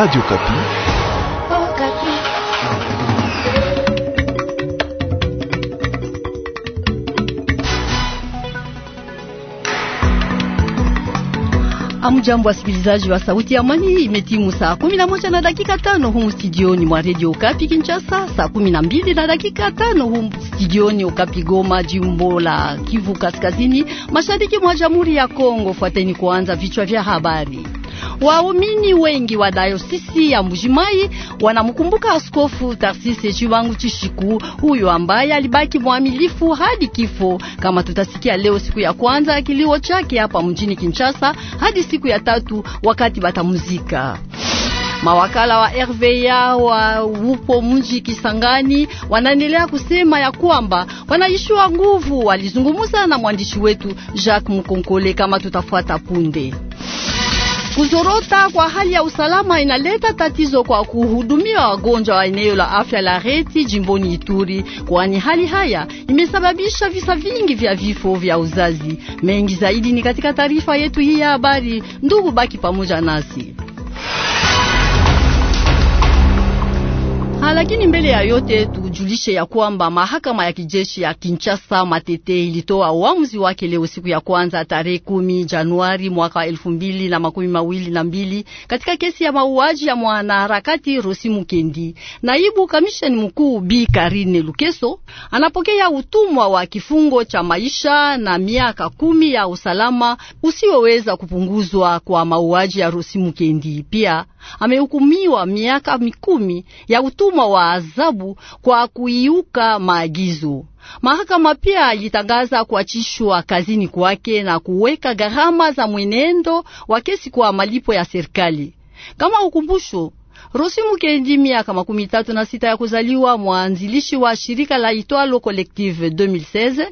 Radio Kapi. Oh, Kapi. Amjambo wasikilizaji wa Sauti ya Amani, imetimu saa kumi na dakika tano humu studioni mwa Radio Kapi Kinshasa, saa 12 na dakika tano humu studioni Okapi Goma, jimbo la Kivu Kaskazini, mashariki mwa Jamhuri ya Kongo. Fuateni kuanza vichwa vya habari. Waumini wengi wa dayosisi ya Mbujimai wanamkumbuka Askofu tarsisi Chibangu Chishiku, huyo ambaye alibaki mwamilifu hadi kifo, kama tutasikia leo, siku ya kwanza kilio chake hapa mjini Kinshasa hadi siku ya tatu wakati batamuzika. Mawakala wa RVA wa upo mji Kisangani wanaendelea kusema ya kwamba wanaishiwa nguvu. Walizungumza na mwandishi wetu Jacques Mkonkole, kama tutafuata punde. Kuzorota kwa hali ya usalama inaleta tatizo kwa kuhudumia wagonjwa wa eneo la afya la Reti jimboni Ituri, kwani hali haya imesababisha visa vingi vya vifo vya uzazi. Mengi zaidi ni katika taarifa yetu hii ya habari. Ndugu, baki pamoja nasi. Ha, lakini mbele ya yote kujulisha ya kwamba mahakama ya kijeshi ya Kinshasa Matete ilitoa uamuzi wake leo siku ya kwanza tarehe kumi Januari mwaka elfu mbili na makumi mawili na mbili katika kesi ya mauaji ya mwanaharakati Rosi Mukendi. Naibu kamisheni mkuu Bi Karine Lukeso anapokea utumwa wa kifungo cha maisha na miaka kumi ya usalama usioweza kupunguzwa kwa mauaji ya Rosi Mukendi. Pia amehukumiwa miaka mikumi ya utumwa wa adhabu kwa kuiuka maagizo. Mahakama pia alitangaza kuachishwa kazini kwake na kuweka gharama za mwenendo wa kesi kwa malipo ya serikali. Kama ukumbusho, Rosi Mukendi, miaka makumi tatu na sita ya kuzaliwa, mwanzilishi wa shirika la itwalo Collective 2016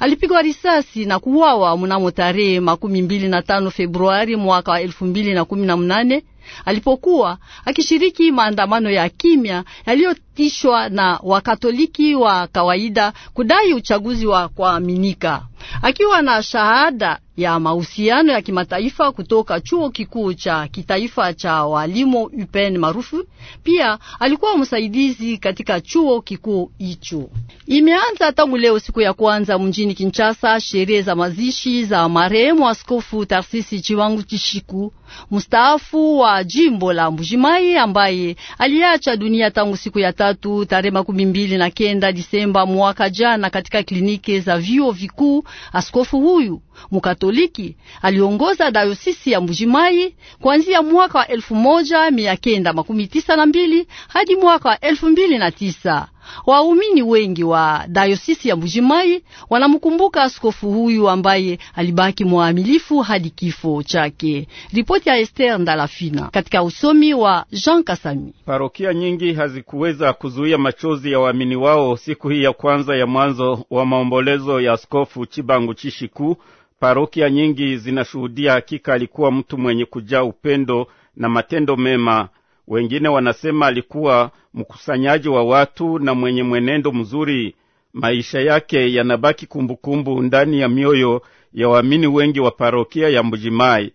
alipigwa risasi na kuwawa mnamo tarehe makumi mbili na tano Februari mwaka wa elfu mbili na kumi na mnane alipokuwa akishiriki maandamano ya kimya yaliyotishwa na wakatoliki wa kawaida kudai uchaguzi wa kuaminika akiwa na shahada ya mahusiano ya kimataifa kutoka chuo kikuu cha kitaifa cha walimu UPEN maarufu. Pia alikuwa msaidizi katika chuo kikuu hicho. Imeanza tangu leo siku ya kwanza mjini Kinshasa sherehe za mazishi za marehemu Askofu Tarsisi Chiwangu Chishiku mstaafu wa jimbo la Mbujimai ambaye aliacha dunia tangu siku ya tatu tarehe makumi mbili na kenda Disemba mwaka jana katika kliniki za vyuo vikuu Askofu huyu mukatoliki aliongoza dayosisi ya Mbujimai kuanzia mwaka wa elfu moja mia kenda makumi tisa na mbili hadi mwaka wa elfu mbili na tisa. Waumini wengi wa dayosisi ya Mbujimai wanamkumbuka askofu huyu ambaye alibaki mwamilifu hadi kifo chake. Ripoti ya Esther Ndalafina katika usomi wa Jean Kasami. Parokia nyingi hazikuweza kuzuia machozi ya waamini wao siku hii ya kwanza ya mwanzo wa maombolezo ya askofu Chibangu Chishiku. Parokia nyingi zinashuhudia hakika alikuwa mtu mwenye kujaa upendo na matendo mema. Wengine wanasema alikuwa mkusanyaji wa watu na mwenye mwenendo mzuri. Maisha yake yanabaki kumbukumbu ndani ya mioyo ya waamini wengi wa parokia ya Mbujimai.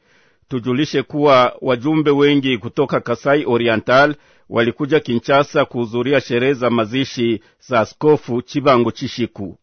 Tujulishe kuwa wajumbe wengi kutoka Kasai Oriental walikuja Kinshasa kuhudhuria sherehe za mazishi za Askofu Chibangu Chishiku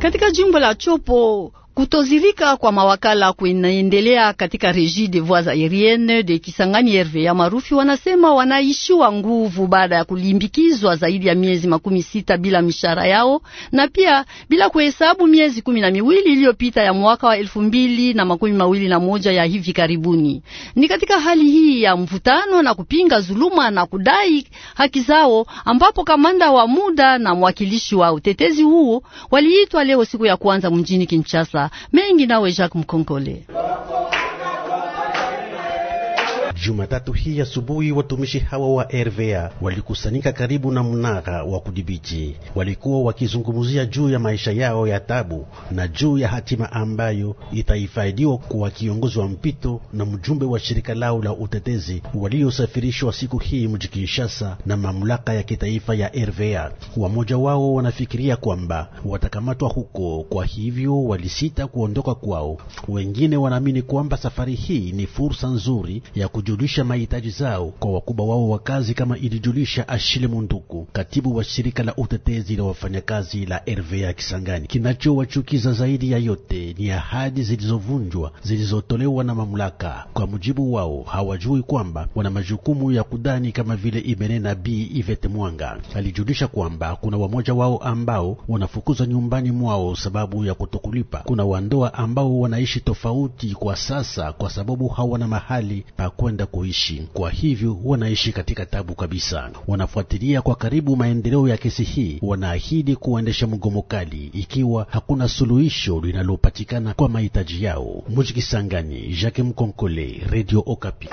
katika jimbo la Chopo. Kutozirika kwa mawakala kunaendelea katika reji de Voies Aeriennes de Kisangani. ya marufi wanasema wanaishiwa nguvu baada ya kulimbikizwa zaidi ya miezi makumi sita bila mishahara yao na pia bila kuhesabu miezi kumi na miwili iliyopita ya mwaka wa elfu mbili na makumi mawili na moja ya hivi karibuni. Ni katika hali hii ya mvutano na kupinga zuluma na kudai haki zao, ambapo kamanda wa muda na mwakilishi wa utetezi huo waliitwa leo siku ya kwanza mjini Kinshasa mengi nawe Jacques Mkongole. Jumatatu hii asubuhi watumishi hawa wa RVA walikusanyika karibu na mnara wa kudhibiti. Walikuwa wakizungumzia juu ya maisha yao ya tabu na juu ya hatima ambayo itaifaidiwa kwa kiongozi wa mpito na mjumbe wa shirika lao la utetezi waliosafirishwa siku hii mji Kinshasa na mamlaka ya kitaifa ya RVA. Wamoja wao wanafikiria kwamba watakamatwa huko, kwa hivyo walisita kuondoka kwao. Wengine wanaamini kwamba safari hii ni fursa nzuri ya kuju kujulisha mahitaji zao kwa wakubwa wao wa kazi, kama ilijulisha Ashile Munduku, katibu wa shirika la utetezi la wafanyakazi la RVA Kisangani. Kinachowachukiza zaidi ya yote ni ahadi zilizovunjwa zilizotolewa na mamlaka. Kwa mujibu wao, hawajui kwamba wana majukumu ya kudani, kama vile imenena na Bi Ivete Mwanga alijulisha kwamba kuna wamoja wao ambao wanafukuzwa nyumbani mwao sababu ya kutokulipa. Kuna wandoa ambao wanaishi tofauti kwa sasa kwa sababu hawana mahali pa kwenda kwenda kuishi. Kwa hivyo wanaishi katika tabu kabisa. Wanafuatilia kwa karibu maendeleo ya kesi hii, wanaahidi kuendesha mgomo kali ikiwa hakuna suluhisho linalopatikana kwa mahitaji yao. Mujikisangani, Jacques Mkonkole, Radio Okapi.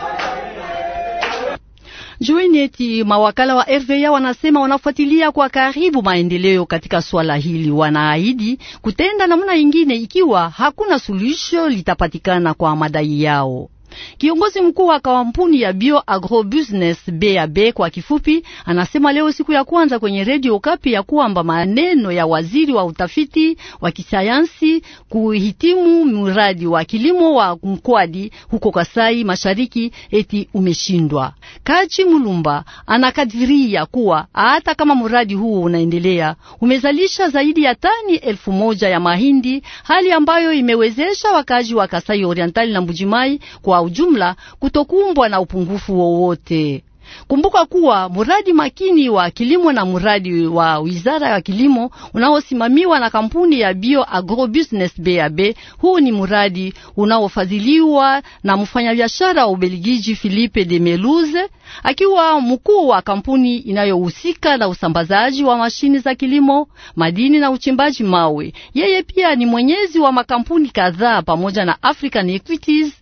Jueni eti mawakala wa RVA wanasema wanafuatilia kwa karibu maendeleo katika swala hili. Wanaahidi kutenda namna ingine ikiwa hakuna suluhisho litapatikana kwa madai yao. Kiongozi mkuu wa kampuni ya Bio Agrobusiness BAB kwa kifupi, anasema leo siku ya kwanza kwenye redio Kapi ya kwamba maneno ya waziri wa utafiti wa kisayansi kuhitimu mradi wa kilimo wa mkwadi huko Kasai Mashariki eti umeshindwa. Kachi Mulumba anakadiria kuwa hata kama mradi huu unaendelea, umezalisha zaidi ya tani elfu moja ya mahindi, hali ambayo imewezesha wakazi wa Kasai Oriental na Mbujimai kwa ujumla kutokumbwa na upungufu wowote. Kumbuka kuwa muradi makini wa kilimo na muradi wa wizara ya kilimo unaosimamiwa na kampuni ya Bio Agrobusiness BAB. Huu ni muradi unaofadhiliwa na mfanyabiashara wa Ubelgiji Philippe de Meluze akiwa mkuu wa kampuni inayohusika na usambazaji wa mashini za kilimo, madini na uchimbaji mawe. Yeye pia ni mwenyezi wa makampuni kadhaa pamoja na African Equities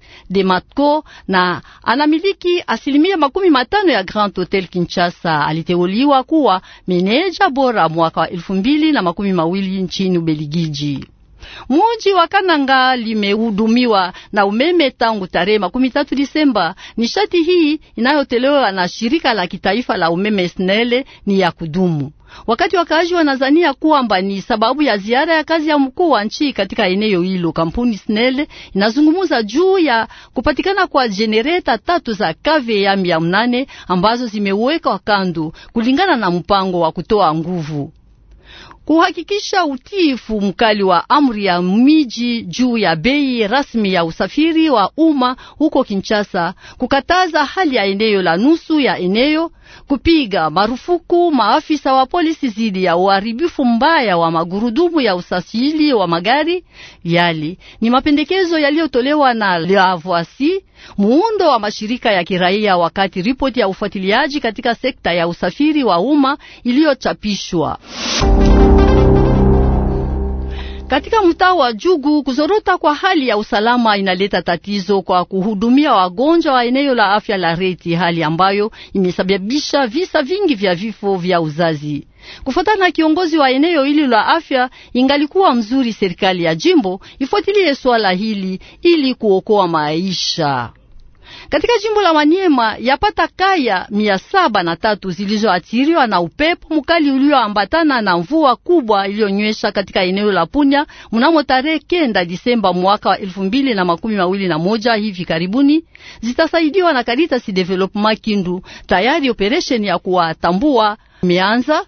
Matko na anamiliki asilimia makumi matano ya Grand Hotel Kinshasa. Aliteuliwa kuwa meneja bora mwaka wa elfu mbili na makumi mawili nchini Ubelgiji. Muji wa Kananga limehudumiwa na umeme tangu tarehe makumi tatu Disemba. Nishati hii inayotolewa na shirika la kitaifa la umeme SNEL ni ya kudumu. Wakati wakaaji wanazania kwamba ni sababu ya ziara ya kazi ya mkuu wa nchi katika eneo hilo, kampuni SNEL inazungumza juu ya kupatikana kwa jenereta tatu za KVA mia nane ambazo zimewekwa kando kulingana na mpango wa kutoa nguvu kuhakikisha utiifu mkali wa amri ya miji juu ya bei rasmi ya usafiri wa umma huko Kinshasa, kukataza hali ya eneo la nusu ya eneo, kupiga marufuku maafisa wa polisi dhidi ya uharibifu mbaya wa magurudumu ya usafiri wa magari. Yali ni mapendekezo yaliyotolewa na Lavoisi, muundo wa mashirika ya kiraia, wakati ripoti ya ufuatiliaji katika sekta ya usafiri wa umma iliyochapishwa. Katika mtaa wa Jugu, kuzorota kwa hali ya usalama inaleta tatizo kwa kuhudumia wagonjwa wa eneo la afya la Reti, hali ambayo imesababisha visa vingi vya vifo vya uzazi. Kufuatana na kiongozi wa eneo hili la afya, ingalikuwa mzuri serikali ya jimbo ifuatilie swala hili ili kuokoa maisha. Katika jimbo la Manyema yapata kaya mia saba na tatu zilizoathiriwa na upepo mkali ulioambatana na mvua kubwa iliyonywesha katika eneo la Punya mnamo tarehe kenda Disemba mwaka wa elfu mbili na makumi mawili na moja. Hivi karibuni zitasaidiwa na Caritas Development Kindu. Tayari operesheni ya kuwatambua imeanza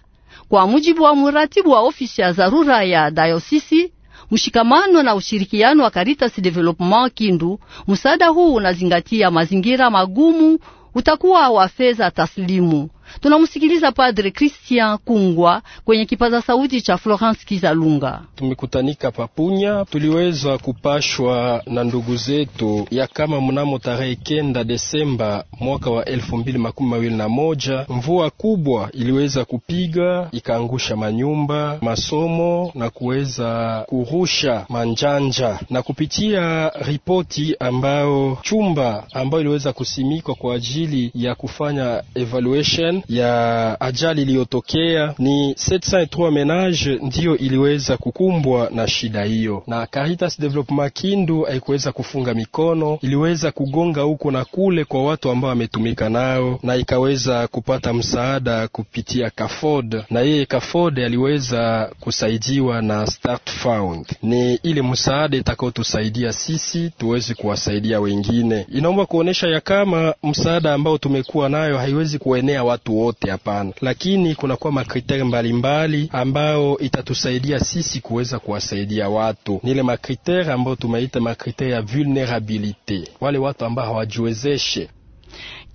kwa mujibu wa muratibu wa ofisi ya dharura ya dayosisi mshikamano na ushirikiano wa Caritas Development Kindu. Msaada huu unazingatia mazingira magumu, utakuwa wa fedha taslimu. Tunamsikiliza Padre Christian Kungwa kwenye kipaza sauti cha Florence Kizalunga. Tumekutanika papunya, tuliweza kupashwa na ndugu zetu ya kama mnamo tarehe kenda Desemba mwaka wa elfu mbili makumi mawili na moja mvua kubwa iliweza kupiga ikaangusha manyumba, masomo na kuweza kurusha manjanja, na kupitia ripoti ambayo chumba ambayo iliweza kusimikwa kwa ajili ya kufanya evaluation Sahel ya ajali iliyotokea ni 703 menage ndiyo iliweza kukumbwa na shida hiyo, na Caritas Development Kindu haikuweza kufunga mikono, iliweza kugonga huko na kule kwa watu ambao wametumika nao na ikaweza kupata msaada kupitia Kafod, na yeye Kafod aliweza kusaidiwa na Start Found. Ni ile msaada itakayotusaidia sisi tuweze kuwasaidia wengine. Inaomba kuonesha ya kama msaada ambao tumekuwa nayo haiwezi kuenea watu watu wote, hapana, lakini kunakuwa makriteri mbalimbali ambayo itatusaidia sisi kuweza kuwasaidia watu, nile makriteri ambayo tumeita makriteri ya vulnerabilite, wale watu ambao hawajiwezeshe.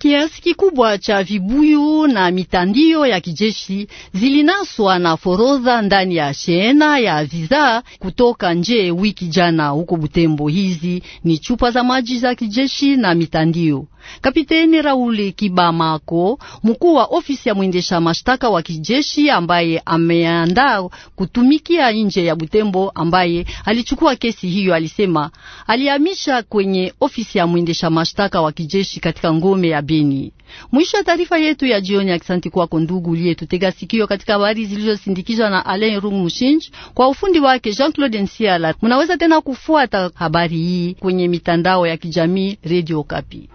Kiasi kikubwa cha vibuyu na mitandio ya kijeshi zilinaswa na forodha ndani ya shehena ya vizaa kutoka nje wiki jana huko Butembo. Hizi ni chupa za maji za kijeshi na mitandio. Kapiteni Rauli Kibamako, mkuu wa ofisi ya mwendesha mashtaka wa kijeshi, ambaye ameandaa kutumikia nje ya Butembo, ambaye alichukua kesi hiyo, alisema alihamisha kwenye ofisi ya mwendesha mashtaka wa kijeshi katika ngome ya Beni. Mwisho ya taarifa yetu ya jioni. Aksanti kwako ndugu uliyetutega sikio katika habari zilizosindikizwa na Alain Rung Mushinji kwa ufundi wake Jean-Claude Nsiala. Munaweza tena kufuata habari hii kwenye mitandao ya kijamii Radio Kapi.